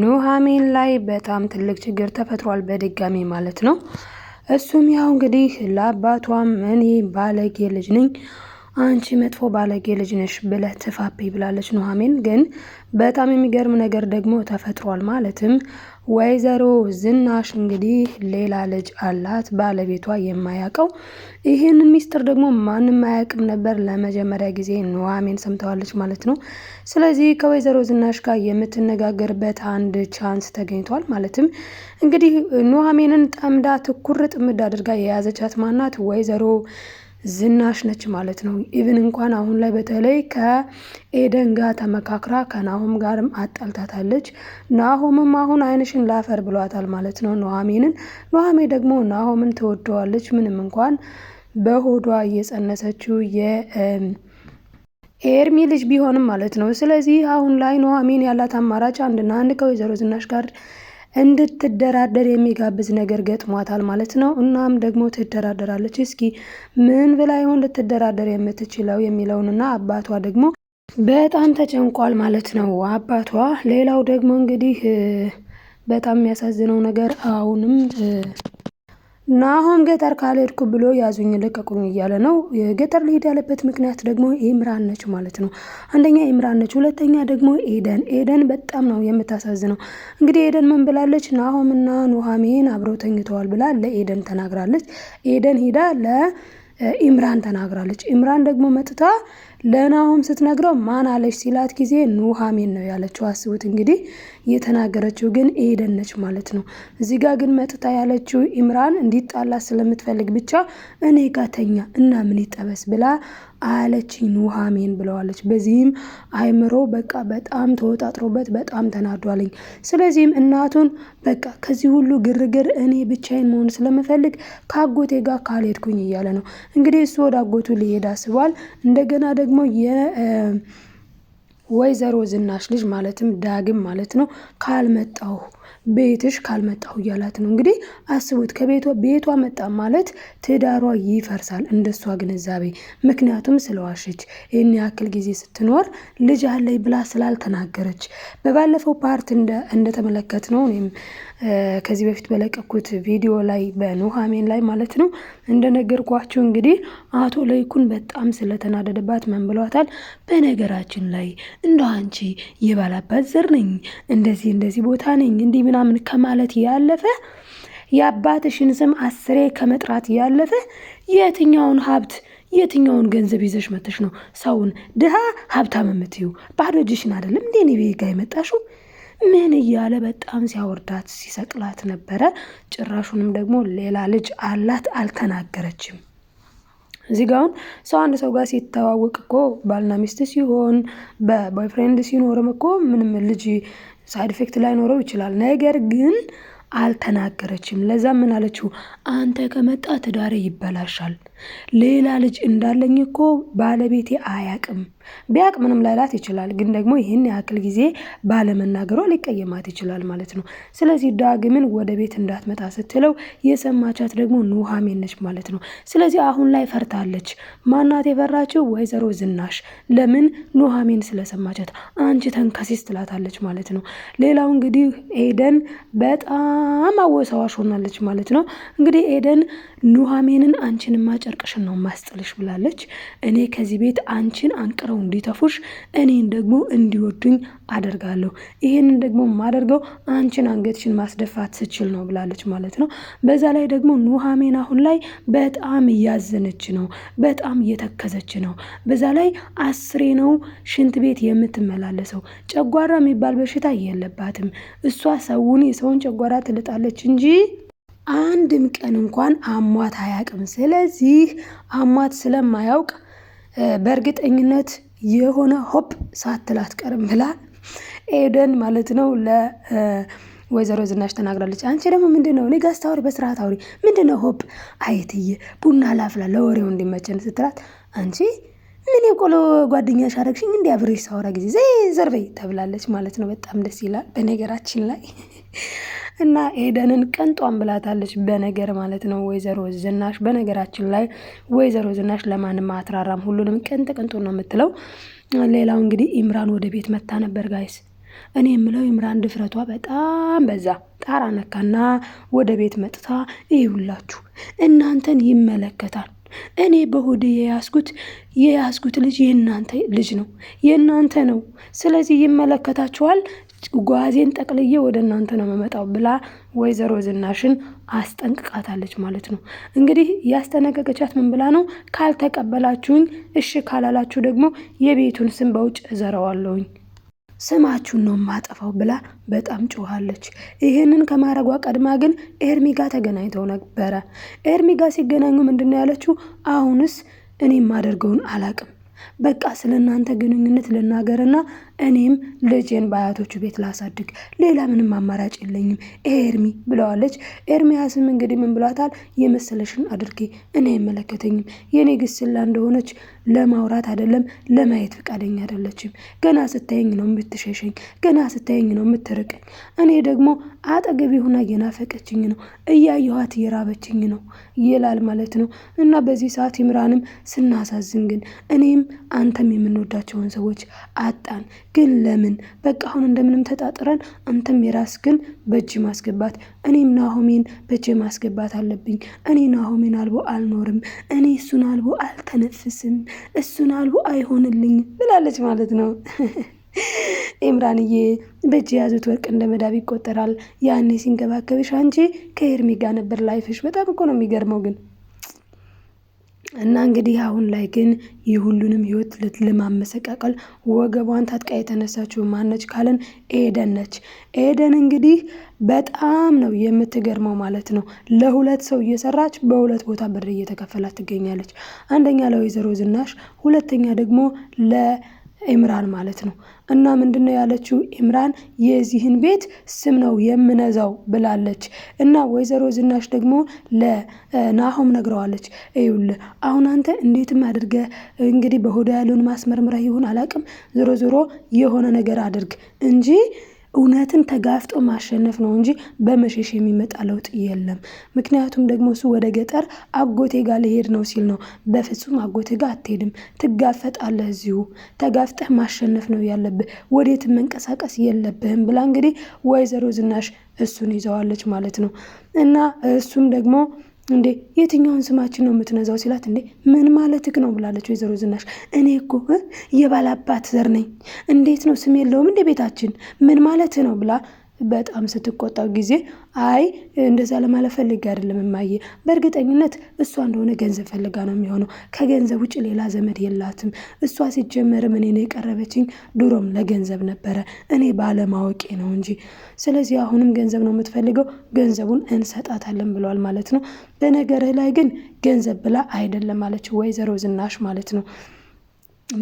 ኑሐሚን ላይ በጣም ትልቅ ችግር ተፈጥሯል። በድጋሚ ማለት ነው። እሱም ያው እንግዲህ ለአባቷም እኔ ባለጌ ልጅ ነኝ፣ አንቺ መጥፎ ባለጌ ልጅ ነሽ ብለህ ትፋቤ ብላለች ኑሐሚን። ግን በጣም የሚገርም ነገር ደግሞ ተፈጥሯል ማለትም ወይዘሮ ዝናሽ እንግዲህ ሌላ ልጅ አላት ባለቤቷ የማያውቀው። ይህንን ሚስጥር ደግሞ ማንም አያውቅም ነበር። ለመጀመሪያ ጊዜ ኑሐሚን ሰምተዋለች ማለት ነው። ስለዚህ ከወይዘሮ ዝናሽ ጋር የምትነጋገርበት አንድ ቻንስ ተገኝቷል። ማለትም እንግዲህ ኑሐሚንን ጠምዳ ትኩር ጥምድ አድርጋ የያዘቻት ማናት ወይዘሮ ዝናሽ ነች ማለት ነው። ኢቭን እንኳን አሁን ላይ በተለይ ከኤደን ጋር ተመካክራ ከናሆም ጋርም አጣልታታለች። ናሆምም አሁን አይንሽን ላፈር ብሏታል ማለት ነው ኑሐሚንን። ኑሐሜ ደግሞ ናሆምን ትወደዋለች ምንም እንኳን በሆዷ እየጸነሰችው የ ኤርሚ ልጅ ቢሆንም ማለት ነው። ስለዚህ አሁን ላይ ኑሐሚን ያላት አማራጭ አንድና አንድ ከወይዘሮ ዝናሽ ጋር እንድትደራደር የሚጋብዝ ነገር ገጥሟታል ማለት ነው። እናም ደግሞ ትደራደራለች። እስኪ ምን ብላ ይሆን ልትደራደር የምትችለው የሚለውንና አባቷ ደግሞ በጣም ተጨንቋል ማለት ነው አባቷ። ሌላው ደግሞ እንግዲህ በጣም የሚያሳዝነው ነገር አሁንም ናሆም ገጠር ካልሄድኩ ብሎ ያዙኝ ልቀቁኝ እያለ ነው። ገጠር ሊሄድ ያለበት ምክንያት ደግሞ ኢምራን ነች ማለት ነው። አንደኛ ኢምራን ነች፣ ሁለተኛ ደግሞ ኤደን። ኤደን በጣም ነው የምታሳዝነው። እንግዲህ ኤደን ምን ብላለች? ናሆምና ኑሐሚን አብረው ተኝተዋል ብላ ለኤደን ተናግራለች። ኤደን ሂዳ ለ ኢምራን ተናግራለች። ኢምራን ደግሞ መጥታ ለናሆም ስትነግረው ማን አለች ሲላት ጊዜ ኑሃሜን ነው ያለችው። አስቡት እንግዲህ እየተናገረችው ግን ኤደን ነች ማለት ነው። እዚህ ጋር ግን መጥታ ያለችው ኢምራን እንዲጣላ ስለምትፈልግ ብቻ እኔ ጋተኛ እና ምን ይጠበስ ብላ አለችኝ ኑሃሜን ብለዋለች። በዚህም አይምሮ በቃ በጣም ተወጣጥሮበት በጣም ተናዷለኝ። ስለዚህም እናቱን በቃ ከዚህ ሁሉ ግርግር እኔ ብቻዬን መሆን ስለምፈልግ ከአጎቴ ጋር ካልሄድኩኝ እያለ ነው እንግዲህ እሱ ወደ አጎቱ ሊሄድ አስቧል። እንደገና ደግሞ ደግሞ የወይዘሮ ዝናሽ ልጅ ማለትም ዳግም ማለት ነው ካልመጣሁ ቤትሽ ካልመጣሁ እያላት ነው። እንግዲህ አስቡት ከቤቷ ቤቷ መጣ ማለት ትዳሯ ይፈርሳል፣ እንደሷ ግንዛቤ። ምክንያቱም ስለዋሸች ይህን ያክል ጊዜ ስትኖር ልጅ አለኝ ብላ ስላልተናገረች። በባለፈው ፓርት እንደተመለከት ነው ወይም ከዚህ በፊት በለቀኩት ቪዲዮ ላይ በኑሃሜን ላይ ማለት ነው እንደነገርኳችሁ እንግዲህ አቶ ለይኩን በጣም ስለተናደደባት ምን ብሏታል? በነገራችን ላይ እንደ አንቺ የባላባት ዘር ነኝ፣ እንደዚህ እንደዚህ ቦታ ነኝ እንዲህ ምናምን ከማለት ያለፈ የአባትሽን ስም አስሬ ከመጥራት ያለፈ የትኛውን ሀብት የትኛውን ገንዘብ ይዘሽ መተሽ ነው ሰውን ድሃ ሀብታም የምትዩ? ባዶ እጅሽን አይደለም እንዴ እኔ ቤጋ የመጣሹ? ምን እያለ በጣም ሲያወርዳት ሲሰቅላት ነበረ። ጭራሹንም ደግሞ ሌላ ልጅ አላት አልተናገረችም። እዚህ ጋር አሁን ሰው አንድ ሰው ጋር ሲተዋወቅ እኮ ባልና ሚስት ሲሆን በቦይፍሬንድ ሲኖርም እኮ ምንም ልጅ ሳይድ ኢፌክት ላይኖረው ይችላል። ነገር ግን አልተናገረችም። ለዛ ምን አለችው? አንተ ከመጣ ትዳሬ ይበላሻል ሌላ ልጅ እንዳለኝ እኮ ባለቤቴ አያቅም። ቢያቅ ምንም ላይላት ይችላል፣ ግን ደግሞ ይህን ያክል ጊዜ ባለመናገሯ ሊቀየማት ይችላል ማለት ነው። ስለዚህ ዳግምን ወደ ቤት እንዳትመጣ ስትለው የሰማቻት ደግሞ ኑሃሚን ነች ማለት ነው። ስለዚህ አሁን ላይ ፈርታለች። ማናት የፈራችው? ወይዘሮ ዝናሽ። ለምን? ኑሃሚን ስለሰማቻት አንቺ ተንከሲስ ትላታለች ማለት ነው። ሌላው እንግዲህ ኤደን በጣም አወሳዋሽ ሆናለች ማለት ነው። እንግዲህ ኤደን አንቺን አንቺንማጭ ጨርቅሽን ነው ማስጥልሽ ብላለች። እኔ ከዚህ ቤት አንቺን አንቅረው እንዲተፉሽ እኔን ደግሞ እንዲወዱኝ አደርጋለሁ። ይህንን ደግሞ ማደርገው አንቺን አንገትሽን ማስደፋት ስችል ነው ብላለች ማለት ነው። በዛ ላይ ደግሞ ኑሐሚን አሁን ላይ በጣም እያዘነች ነው፣ በጣም እየተከዘች ነው። በዛ ላይ አስሬ ነው ሽንት ቤት የምትመላለሰው። ጨጓራ የሚባል በሽታ የለባትም። እሷ ሰውን የሰውን ጨጓራ ትልጣለች እንጂ አንድም ቀን እንኳን አሟት አያውቅም። ስለዚህ አሟት ስለማያውቅ በእርግጠኝነት የሆነ ሆፕ ሳትላት ቀርም ብላ ኤደን ማለት ነው ለወይዘሮ ዝናሽ ተናግራለች። አንቺ ደግሞ ምንድን ነው እኔ ጋር ስታወሪ በስርዓት አውሪ። ምንድን ነው ሆፕ አይትዬ ቡና ላፍላ ለወሬው እንዲመቸን ስትላት አንቺ ምን የቆሎ ጓደኛ ሻረግሽኝ እንዲ አብሬሽ ሳወራ ጊዜ ዘይ ዘርበይ ተብላለች ማለት ነው። በጣም ደስ ይላል። በነገራችን ላይ እና ኤደንን ቅንጧን ብላታለች። በነገር ማለት ነው ወይዘሮ ዝናሽ። በነገራችን ላይ ወይዘሮ ዝናሽ ለማንም አትራራም፣ ሁሉንም ቅንጥ ቅንጡ ነው የምትለው። ሌላው እንግዲህ ኢምራን ወደ ቤት መታ ነበር ጋይስ እኔ የምለው ኢምራን ድፍረቷ በጣም በዛ። ጣራ ነካና ወደ ቤት መጥታ ይውላችሁ እናንተን ይመለከታል። እኔ በሆዴ የያዝኩት የያዝኩት ልጅ የእናንተ ልጅ ነው፣ የእናንተ ነው። ስለዚህ ይመለከታችኋል። ጓዜን ጠቅልዬ ወደ እናንተ ነው የምመጣው ብላ ወይዘሮ ዝናሽን አስጠንቅቃታለች ማለት ነው። እንግዲህ ያስጠነቀቀቻት ምን ብላ ነው? ካልተቀበላችሁኝ፣ እሺ ካላላችሁ ደግሞ የቤቱን ስም በውጭ እዘረዋለሁኝ ስማችሁን ነው ማጠፋው ብላ በጣም ጮኋለች። ይህንን ከማረጓ ቀድማ ግን ኤርሚ ጋር ተገናኝተው ነበረ። ኤርሚ ጋር ሲገናኙ ምንድን ነው ያለችው? አሁንስ እኔ የማደርገውን አላቅም፣ በቃ ስለ እናንተ ግንኙነት ልናገርና እኔም ልጄን በአያቶቹ ቤት ላሳድግ ሌላ ምንም አማራጭ የለኝም፣ ይሄ ኤርሚ ብለዋለች። ኤርሚያስም እንግዲህ ምን ብሏታል? የመሰለሽን አድርጌ እኔ አይመለከተኝም፣ የኔ ግስላ እንደሆነች ለማውራት አይደለም ለማየት ፈቃደኛ አይደለችም። ገና ስታየኝ ነው የምትሸሸኝ፣ ገና ስታየኝ ነው የምትርቀኝ። እኔ ደግሞ አጠገቤ ሆና እየናፈቀችኝ ነው፣ እያየኋት እየራበችኝ ነው ይላል ማለት ነው። እና በዚህ ሰዓት ይምራንም ስናሳዝን ግን እኔም አንተም የምንወዳቸውን ሰዎች አጣን ግን ለምን በቃ አሁን እንደምንም ተጣጥረን አንተም የራስ ግን በእጅ ማስገባት እኔም ናሆሜን በእጅ ማስገባት አለብኝ። እኔ ናሆሜን አልቦ አልኖርም፣ እኔ እሱን አልቦ አልተነፍስም፣ እሱን አልቦ አይሆንልኝ ብላለች ማለት ነው። ኤምራንዬ በእጅ የያዙት ወርቅ እንደ መዳብ ይቆጠራል። ያኔ ሲንከባከብሽ አንቺ ከኤርሚ ጋር ነበር ላይፍሽ። በጣም እኮ ነው የሚገርመው ግን እና እንግዲህ አሁን ላይ ግን የሁሉንም ህይወት ለማመሰቃቀል ወገቧን ታጥቃ የተነሳችው ማነች ካለን ኤደን ነች። ኤደን እንግዲህ በጣም ነው የምትገርመው ማለት ነው። ለሁለት ሰው እየሰራች በሁለት ቦታ ብር እየተከፈላት ትገኛለች። አንደኛ ለወይዘሮ ዝናሽ፣ ሁለተኛ ደግሞ ለ ኢምራን ማለት ነው። እና ምንድነው ያለችው ኢምራን የዚህን ቤት ስም ነው የምነዛው ብላለች። እና ወይዘሮ ዝናሽ ደግሞ ለናሆም ነግረዋለች። ይኸውልህ አሁን አንተ እንዴትም አድርገ እንግዲህ በሆዳ ያለውን ማስመርምራ ይሁን አላቅም፣ ዞሮ ዞሮ የሆነ ነገር አድርግ እንጂ እውነትን ተጋፍጦ ማሸነፍ ነው እንጂ በመሸሽ የሚመጣ ለውጥ የለም። ምክንያቱም ደግሞ እሱ ወደ ገጠር አጎቴ ጋር ልሄድ ነው ሲል ነው። በፍጹም አጎቴ ጋር አትሄድም፣ ትጋፈጣለህ። እዚሁ ተጋፍጠህ ማሸነፍ ነው ያለብህ፣ ወዴትም መንቀሳቀስ የለብህም ብላ እንግዲህ ወይዘሮ ዝናሽ እሱን ይዘዋለች ማለት ነው እና እሱም ደግሞ እንዴ የትኛውን ስማችን ነው የምትነዛው? ሲላት እንዴ ምን ማለትህ ነው ብላለች ወይዘሮ ዝናሽ። እኔ እኮ የባላባት ዘር ነኝ። እንዴት ነው ስም የለውም እንደ ቤታችን ምን ማለትህ ነው ብላ በጣም ስትቆጣው ጊዜ አይ እንደዛ ለማለፈልግ አይደለም እማዬ፣ በእርግጠኝነት እሷ እንደሆነ ገንዘብ ፈልጋ ነው የሚሆነው። ከገንዘብ ውጭ ሌላ ዘመድ የላትም። እሷ ሲጀመርም እኔ ነው የቀረበችኝ፣ ድሮም ለገንዘብ ነበረ፣ እኔ ባለማወቄ ነው እንጂ። ስለዚህ አሁንም ገንዘብ ነው የምትፈልገው፣ ገንዘቡን እንሰጣታለን ብለዋል ማለት ነው። በነገርህ ላይ ግን ገንዘብ ብላ አይደለም አለች ወይዘሮ ዝናሽ ማለት ነው።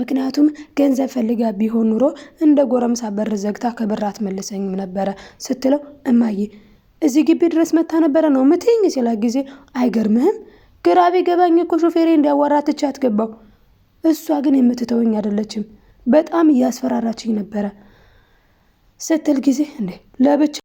ምክንያቱም ገንዘብ ፈልጋ ቢሆን ኑሮ እንደ ጎረምሳ በር ዘግታ ከብራት አትመልሰኝም ነበረ ስትለው እማዬ እዚህ ግቢ ድረስ መታ ነበረ ነው ምትኝ ሲላ ጊዜ አይገርምህም? ግራ ቢገባኝ እኮ ሾፌሬ እንዲያዋራ ትቼ አትገባው። እሷ ግን የምትተወኝ አይደለችም፣ በጣም እያስፈራራችኝ ነበረ ስትል ጊዜ እንዴ ለብቻ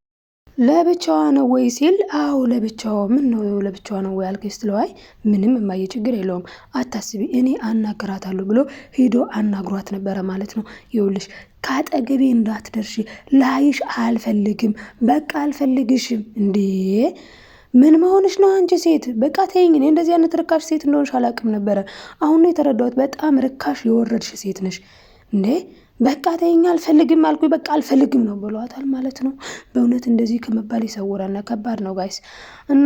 ለብቻዋ ነው ወይ ሲል አዎ ለብቻዋ ምን ነው ለብቻዋ ነው ወይ አልከኝ ስትለው አይ ምንም የማየ ችግር የለውም አታስቢ እኔ አናግራታለሁ ብሎ ሄዶ አናግሯት ነበረ ማለት ነው ይኸውልሽ ከአጠገቤ እንዳትደርሺ ላይሽ አልፈልግም በቃ አልፈልግሽም እንዴ ምን መሆንሽ ነው አንቺ ሴት? በቃ ተይኝ። እኔ እንደዚህ አይነት ርካሽ ሴት እንደሆንሽ አላውቅም ነበረ። አሁን ነው የተረዳሁት። በጣም ርካሽ የወረድሽ ሴት ነሽ እንዴ በቃ ተይኝ አልፈልግም አልኩ በቃ አልፈልግም ነው ብሏታል ማለት ነው። በእውነት እንደዚህ ከመባል ይሰውራና ከባድ ነው ጋይስ። እና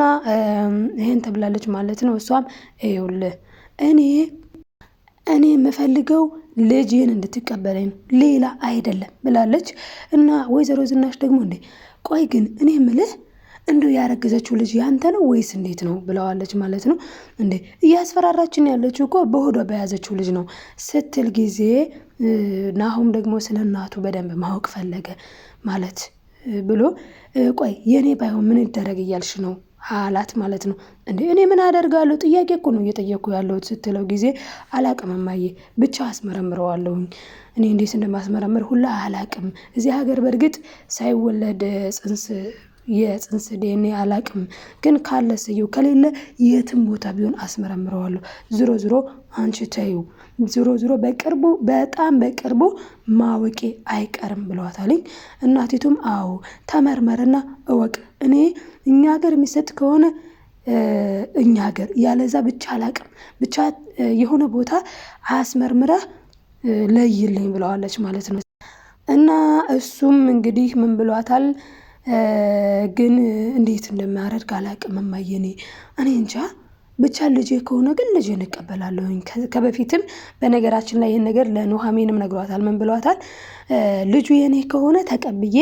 ይሄን ተብላለች ማለት ነው። እሷም ይኸውልህ እኔ እኔ የምፈልገው ልጅን እንድትቀበለኝ ነው ሌላ አይደለም ብላለች። እና ወይዘሮ ዝናሽ ደግሞ እንዴ ቆይ ግን እኔ ምልህ እንዶ ያረገዘችው ልጅ ያንተ ነው ወይስ እንዴት ነው ብለዋለች ማለት ነው። እንዴ እያስፈራራችን ያለችው እኮ በሆዷ በያዘችው ልጅ ነው ስትል ጊዜ ናሁም ደግሞ ስለ እናቱ በደንብ ማወቅ ፈለገ ማለት ብሎ ቆይ የእኔ ባይሆን ምን ይደረግ እያልሽ ነው አላት ማለት ነው። እንዴ እኔ ምን አደርጋለሁ? ጥያቄ እኮ ነው እየጠየቅኩ ያለሁት ስትለው ጊዜ አላቅም እማዬ፣ ብቻ አስመረምረዋለሁኝ። እኔ እንዴት እንደማስመረምር ሁላ አላቅም። እዚህ ሀገር በእርግጥ ሳይወለድ ጽንስ የጽንስ ዴኔ አላቅም ግን ካለ ስዩ ከሌለ የትም ቦታ ቢሆን አስመረምረዋለሁ። ዝሮ ዝሮ አንቺ ተዩ ዝሮ ዝሮ በቅርቡ በጣም በቅርቡ ማወቄ አይቀርም ብለዋታልኝ። እናቲቱም አዎ ተመርመርና እወቅ እኔ እኛ ሀገር የሚሰጥ ከሆነ እኛ ሀገር ያለዛ ብቻ አላቅም ብቻ የሆነ ቦታ አስመርምረህ ለይልኝ ብለዋለች ማለት ነው። እና እሱም እንግዲህ ምን ብሏታል ግን እንዴት እንደማያረግ አላቅም። እማዬ እኔ እንጃ ብቻ ልጄ ከሆነ ግን ልጄን እንቀበላለሁኝ። ከበፊትም በነገራችን ላይ ይህን ነገር ለኑሐሚንም ነግሯታል። ምን ብሏታል? ልጁ የኔ ከሆነ ተቀብዬ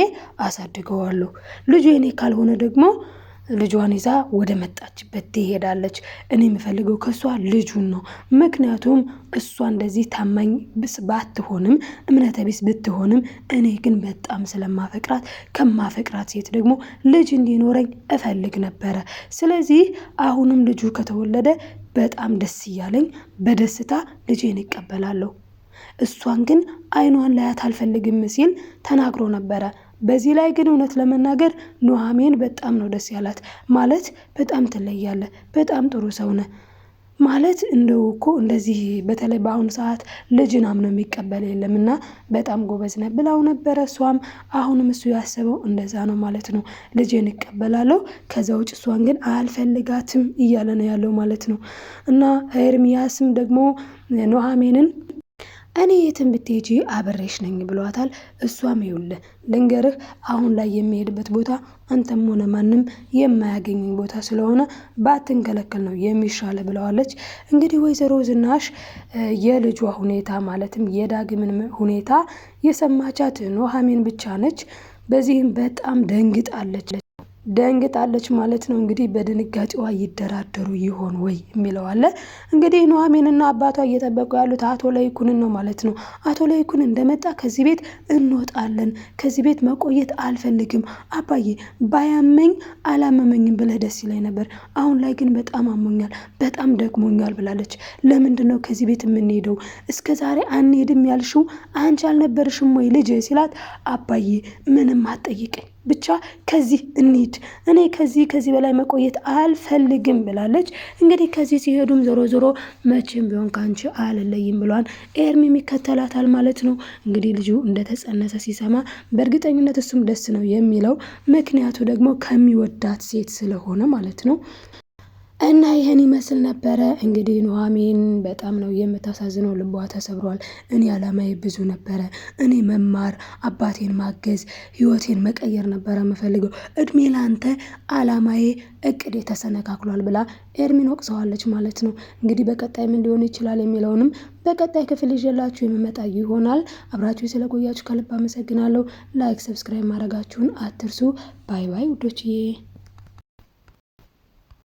አሳድገዋለሁ። ልጁ የኔ ካልሆነ ደግሞ ልጇን ይዛ ወደ መጣችበት ትሄዳለች። እኔ የምፈልገው ከእሷ ልጁን ነው። ምክንያቱም እሷ እንደዚህ ታማኝ ባትሆንም እምነተ ቢስ ብትሆንም፣ እኔ ግን በጣም ስለማፈቅራት ከማፈቅራት ሴት ደግሞ ልጅ እንዲኖረኝ እፈልግ ነበረ። ስለዚህ አሁንም ልጁ ከተወለደ በጣም ደስ እያለኝ በደስታ ልጄን ይቀበላለሁ እሷን ግን አይኗን ላያት አልፈልግም ሲል ተናግሮ ነበረ። በዚህ ላይ ግን እውነት ለመናገር ኑሐሚን በጣም ነው ደስ ያላት። ማለት በጣም ትለያለ፣ በጣም ጥሩ ሰው ነ ማለት እንደው እኮ እንደዚህ በተለይ በአሁኑ ሰዓት ልጅን አምኖ የሚቀበል የለም እና በጣም ጎበዝ ነ ብላው ነበረ። እሷም አሁንም እሱ ያሰበው እንደዛ ነው ማለት ነው። ልጅን ይቀበላለሁ፣ ከዛ ውጭ እሷን ግን አልፈልጋትም እያለ ነው ያለው ማለት ነው እና ኤርሚያስም ደግሞ ኑሐሚንን እኔ የትም ብትሄጂ አብሬሽ ነኝ ብሏታል። እሷም ይውል ልንገርህ፣ አሁን ላይ የሚሄድበት ቦታ አንተም ሆነ ማንም የማያገኝ ቦታ ስለሆነ ባትንከለከል ነው የሚሻለ ብለዋለች። እንግዲህ ወይዘሮ ዝናሽ የልጇ ሁኔታ ማለትም የዳግምን ሁኔታ የሰማቻት ኑሃሚን ብቻ ነች። በዚህም በጣም ደንግጣለች። ደንግጣለች ማለት ነው። እንግዲህ በድንጋጤዋ ይደራደሩ ይሆን ወይ የሚለው አለ። እንግዲህ ኑሐሚንና አባቷ እየጠበቁ ያሉት አቶ ለይኩንን ነው ማለት ነው። አቶ ለይኩን እንደመጣ ከዚህ ቤት እንወጣለን፣ ከዚህ ቤት መቆየት አልፈልግም፣ አባዬ ባያመኝ አላመመኝም ብለህ ደስ ይለኝ ነበር፣ አሁን ላይ ግን በጣም አሞኛል፣ በጣም ደክሞኛል ብላለች። ለምንድን ነው ከዚህ ቤት የምንሄደው? እስከ ዛሬ አንሄድም ያልሽው አንቺ አልነበርሽም ወይ ልጅ ሲላት፣ አባዬ ምንም አትጠይቀኝ ብቻ ከዚህ እንሂድ፣ እኔ ከዚህ ከዚህ በላይ መቆየት አልፈልግም ብላለች። እንግዲህ ከዚህ ሲሄዱም ዞሮ ዞሮ መቼም ቢሆን ከአንቺ አልለይም ብሏን ኤርሚ ይከተላታል ማለት ነው። እንግዲህ ልጁ እንደተጸነሰ ሲሰማ በእርግጠኝነት እሱም ደስ ነው የሚለው፣ ምክንያቱ ደግሞ ከሚወዳት ሴት ስለሆነ ማለት ነው። እና ይህን ይመስል ነበረ እንግዲህ ኑሐሚን በጣም ነው የምታሳዝነው። ልቧ ተሰብሯል። እኔ አላማዬ ብዙ ነበረ። እኔ መማር፣ አባቴን ማገዝ፣ ህይወቴን መቀየር ነበረ የምፈልገው። እድሜ ላንተ አላማዬ፣ እቅዴ ተሰነካክሏል ብላ ኤርሚን ወቅሰዋለች ማለት ነው። እንግዲህ በቀጣይ ምን ሊሆን ይችላል የሚለውንም በቀጣይ ክፍል ይዤላችሁ የምመጣ ይሆናል። አብራችሁ ስለቆያችሁ ከልብ አመሰግናለሁ። ላይክ፣ ሰብስክራይብ ማድረጋችሁን አትርሱ። ባይ ባይ ውዶችዬ።